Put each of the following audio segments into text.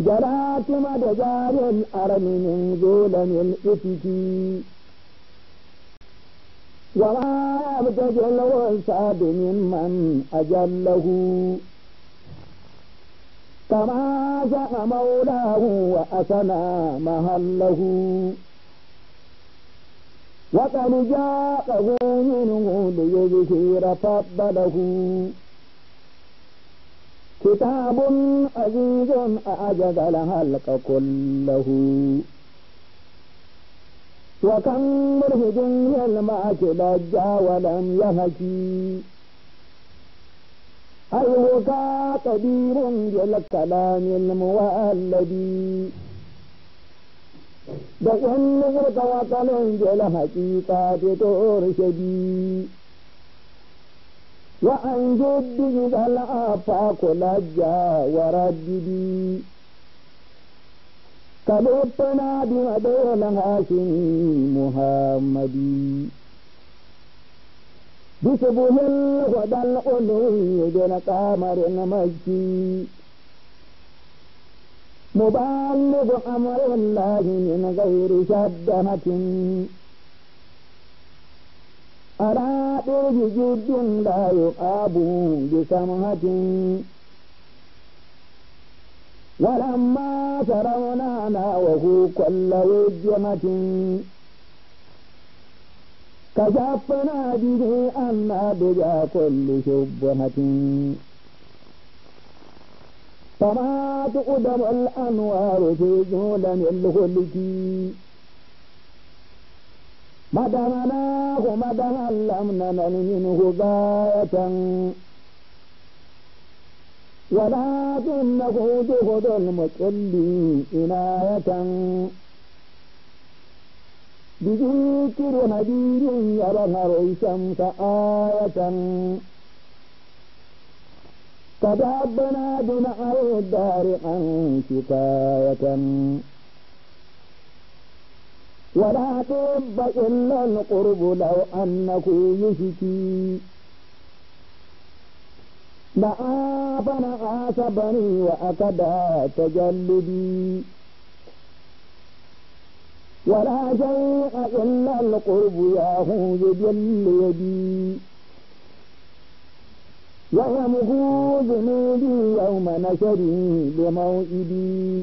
جرات مدجار الأرم من ظلم الإفك وما يبتجي الوساد ممن أجله كما جاء مولاه وأثنى مهله وقد جاءه منه ليظهر فضله كتاب عزيز أعجز الهلك كله وكم مرهد يلمع لجا ولم يهجي الوقى قدير بالكلام المؤلد بأن غرق وطل بالحقيقة ترشدي وعن جده ذا الآفاق لجا ورددي كلبنا بمدين هاشمي محمدي بشبه الهدى العلوي دون قمر مجدي مبالغ أمر الله من غير شبهة ألا برج جد لا يقاب بسمهة ولما ترون ناوه كل وجمة كشفنا به أن بجا كل شبهة فما تقدر الأنوار في جهلا الخلق مدمناه مدما لم نمل منه غاية ولكنه جهد المصلين عناية بذكر نبي يظهر الشمس آية تدبنا بنحو الدار عن شكاية ولا تب إلا القرب لو أنه يشكي دعا فنعاسبني وأكدا تجلدي ولا شيء إلا القرب ياهو يجل يدي ويمهو ذنوبي يوم نشري بموئدي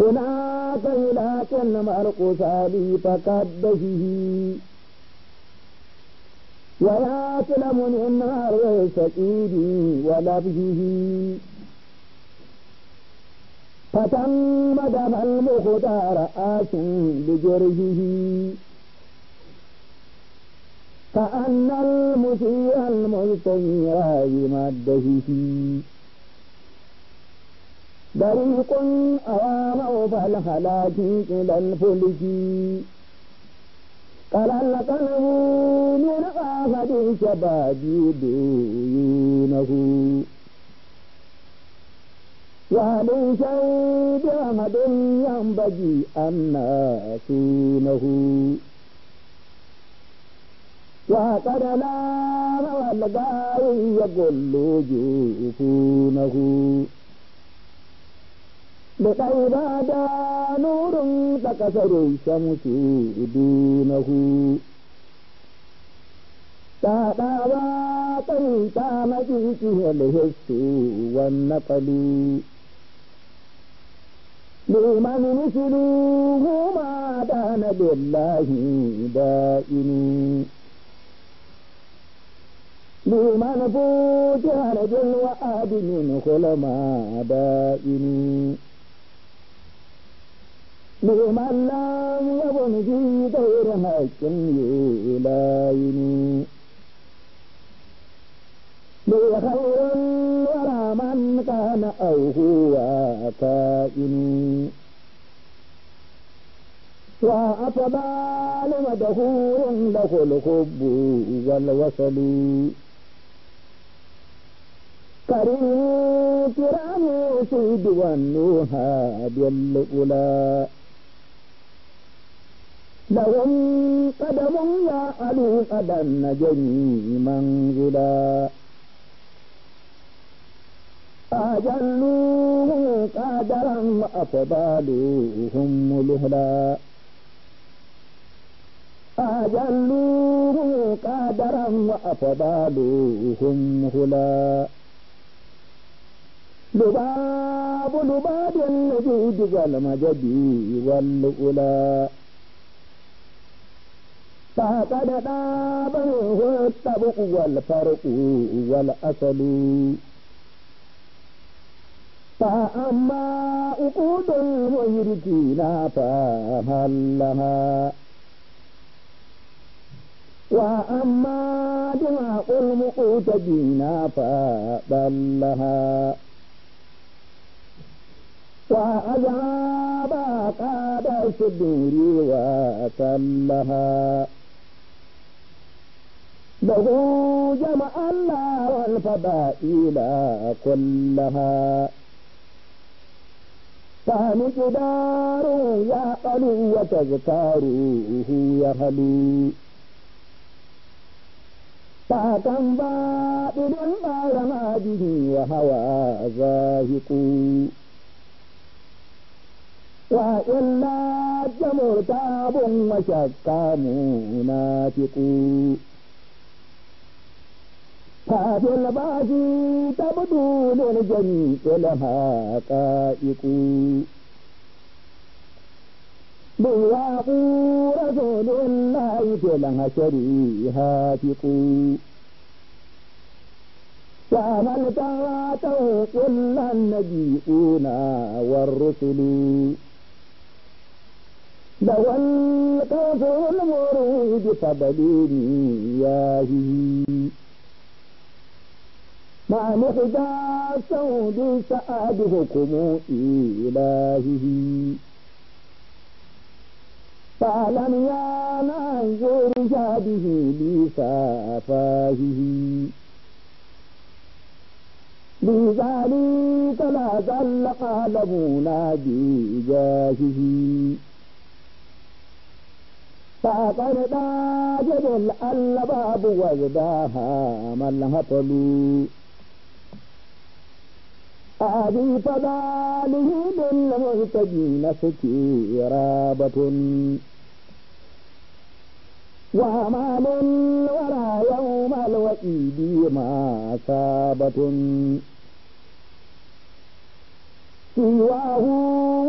هناك إلى كل مرقس علي فقدسه ويأتلم من نار سكيدي ولبهه فتم دم المختار آس بجرهه كأن المسيء المستنير بمده بريق أواموا فالخلاج إلى الفلك قال القلب من آفة شباب دونه وعلي شيء بأحمد ينبغي أن ناسونه وقد لا والقاري يقول جوفونه بطيب هذا نور تكسر الشمس دينه تابا طيب مجيته الهس والنقل لمن مثله ما دان بالله دائم لمن فوجئ رجل وآدم خلما دائم بمن لم يكن في غير حق يلايني خير ولا من كان أو هو كائن وأقبال مدهور له الحب والوصل كريم كرام سيد والنهاد اللؤلاء لهم قدم وعلوا أبا النجم منزلا أجلوهم قدرا وأفضالوهم لهلا أجلوهم قدرا وأفضالوهم هلا لباب لباب الذي جزى المجد والأولى فهبل هو والطبق والفرق والأصل فأما أقود المشركين فهل لها وأما دعاء المقتدين فبل لها وأذهب قاد الشدور وسلها له جمع الله الفضائل كلها فهم جدار قلو وتذكاره يهلي طاقا باطل غير ماجه وهوى زاهق وإلا جمرتاب وشكا منافق هذه المبادئ تبدو للجميع لها قائق بواق رسول الله لها شريهاتق فمن تعاته كل النبيون والرسل لو الكافر المريد فبليني ياهي ما محدى سود سأدهكم إلهه فاعلم يا من يرجى به بسافاهه لذلك لا زل قلبنا بجاهه فقد داجب الألباب وازداها ملهطلو aadii fadaaluhu ɗolla mohtajiina foki raabatun wamaɗon wara yawmal waɗiidi ma saabatun siwaahu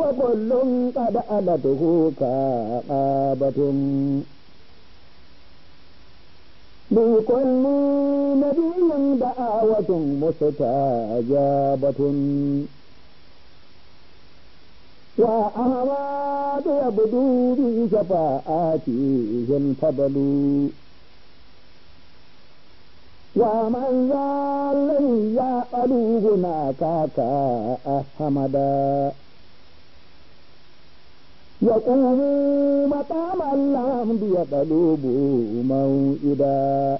wa gollon kada alatuhu kaaɓaabatun بكل نبي دعوة مستجابة وأراد يبدو بشفاءاتهم فضلوا ومن ذا الذي يعقل هناك حمدا يقوموا مقام الله ليطلبوا موئدا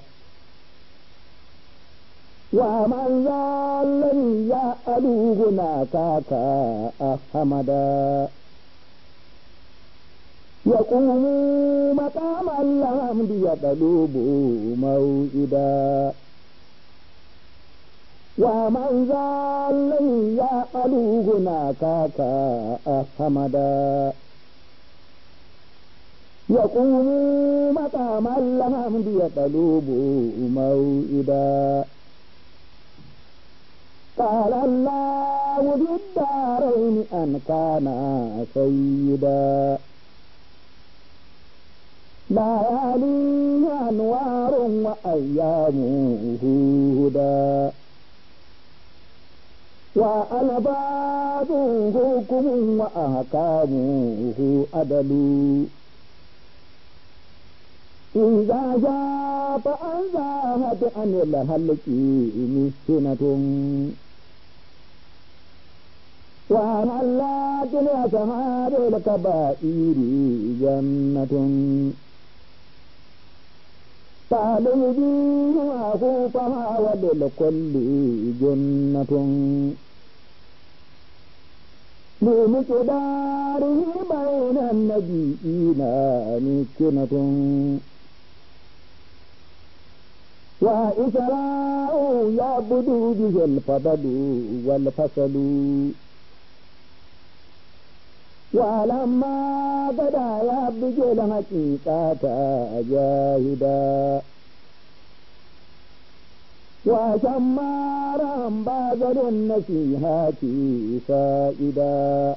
ومن ذا الذي يألو هناك أحمدا يقوم مقام الله ليطلبوا موئدا ومن ذا الذي يألو هناك أحمدا يقوموا مطعما الحمد قلوب موئدا قال الله بالدارين أن كان سيدا لا أنوار وأيامه هدى وألباب حكم وأحكامه أدلوا إذا جاء فأذاهت أن الهلك مسكنة وأنا لكن أصحاب الكبائر جنة قالوا دينها خوفها وللكل جنة بمقداره بين النبيين مسكنة وإسراء يعبد به الفضل والفصل ولما بدا يعبد الحقيقة جاهدا وشمارا بعد النصيحة سائدا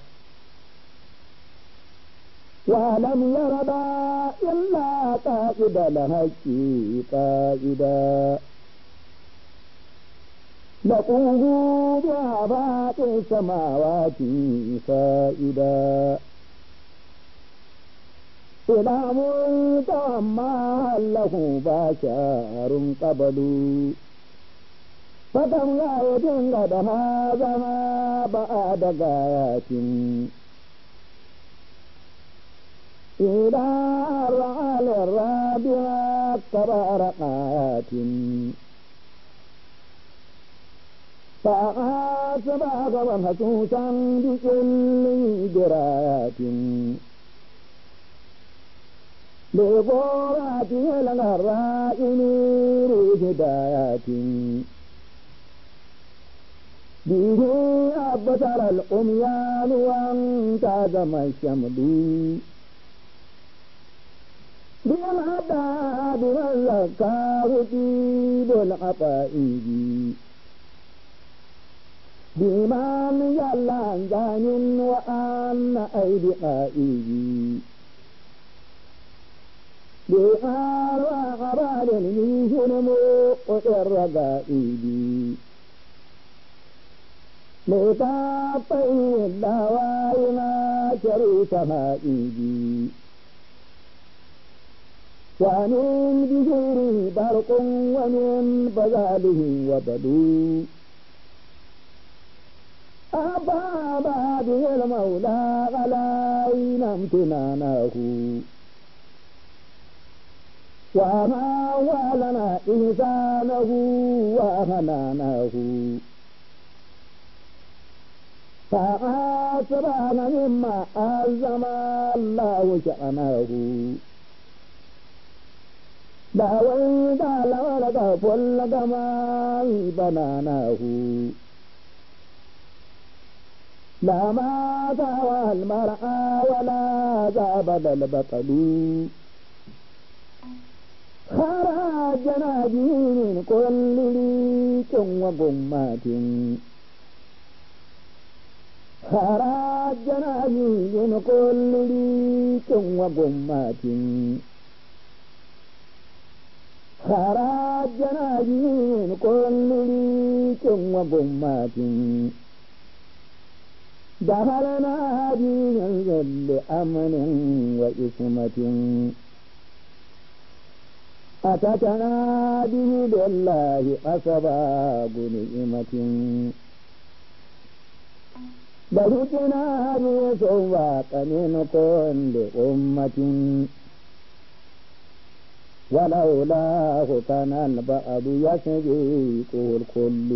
ولم يرضى قائد لهجي قائدا نقوم بآباء السماوات فائدا إمام تأمى له بشر قبل فكم غاية قد هذا ما بعد غاية إذا سبع رقعات فأغاث بعض مهسوسا بكل جرات بغورات الغراء نور هدايات به أبصر القميان وانتظم الشمدي بالعذاب والعقاب طيب العطائب بإمام يلا زان وأن أيدي قائد بحار وغبال يجنم الرقائد لتعطي الدوائم شريك مائدي وأنوم بجوره برق ونوم بغاله وبدو أبا بعد المولى غلاين امتنانه وما ولنا إنسانه وهنانه فأسرعنا مما أعظم الله شأنه دعوان لولك فلك ما بنانه لا مات والمرعى ولا زابد البطل خرج ناجي من كل ليك وقمات خرج ناجي من كل ليك وقمات خراجنا كل ليكم وبمات دخلنا دين الجد أمن وإسمة أتتنا به بالله أسباب نعمة بلتنا به سواق من كل أمة ولولاه فمن بعد يسجيكه الكل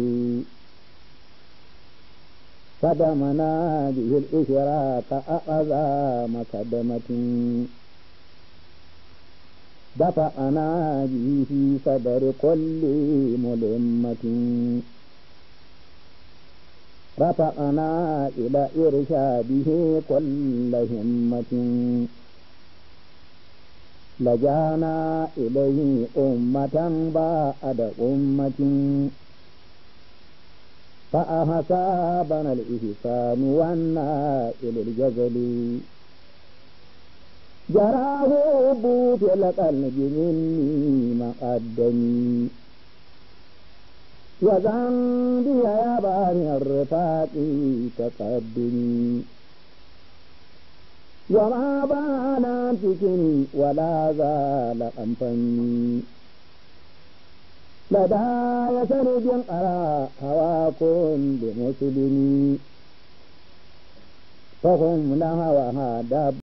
فدمنا به الإشراك أعظام مكدمة دفعنا به في صدر كل ملمة رفعنا إلى إرشاده كل همة لجعنا إليه أمة بعد أمة فأحسابنا الإحسان وأنا إلى الجزل جراه بوت لقلج مني مقدني وذنبي يا باني الرفاق تقدمي وما بال أنفس ولا زال أنفا لدى يسرد أرى هواكم بمسلمين فهم لهواها دب